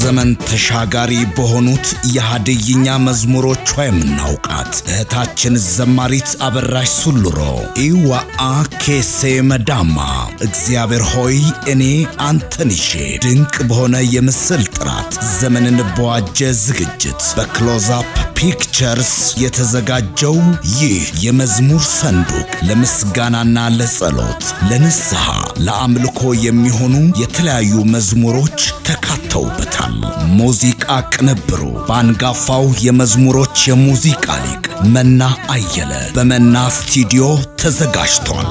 ዘመን ተሻጋሪ በሆኑት የሀድይኛ መዝሙሮቿ የምናውቃት እህታችን ዘማሪት አበራሽ ሱሉሮ ኢዋአ ኬሴ መዳማ እግዚአብሔር ሆይ እኔ አንተን ይዤ ድንቅ በሆነ የምስል ጥራት ዘመንን በዋጀ ዝግጅት በክሎዛፕ ፒክቸርስ የተዘጋጀው ይህ የመዝሙር ሰንዱቅ ለምስጋናና ለጸሎት፣ ለንስሐ፣ ለአምልኮ የሚሆኑ የተለያዩ መዝሙሮች ተካተውበታል። ሙዚቃ ቅንብሩ በአንጋፋው የመዝሙሮች የሙዚቃ ሊቅ መና አየለ በመና ስቱዲዮ ተዘጋጅቷል።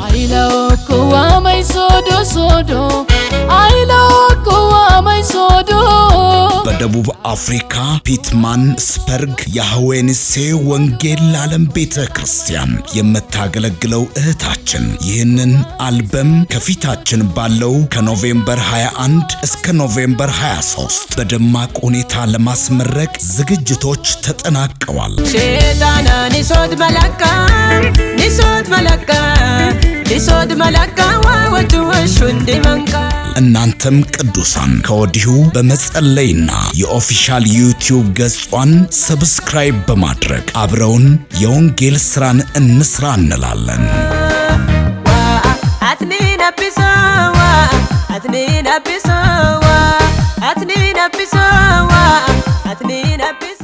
በደቡብ አፍሪካ ፒትማን ስፐርግ የአህዌንሴ ወንጌል ለዓለም ቤተ ክርስቲያን የምታገለግለው እህታችን ይህንን አልበም ከፊታችን ባለው ከኖቬምበር 21 እስከ ኖቬምበር 23 በደማቅ ሁኔታ ለማስመረቅ ዝግጅቶች ተጠናቀዋል። ኒሶት መለቃ ኒሶት መለቃ ኒሶት መለቃ ወሹ እንዲመንቃ እናንተም ቅዱሳን ከወዲሁ በመጸለይና የኦፊሻል ዩቲዩብ ገጿን ሰብስክራይብ በማድረግ አብረውን የወንጌል ስራን እንስራ እንላለን። አትኒ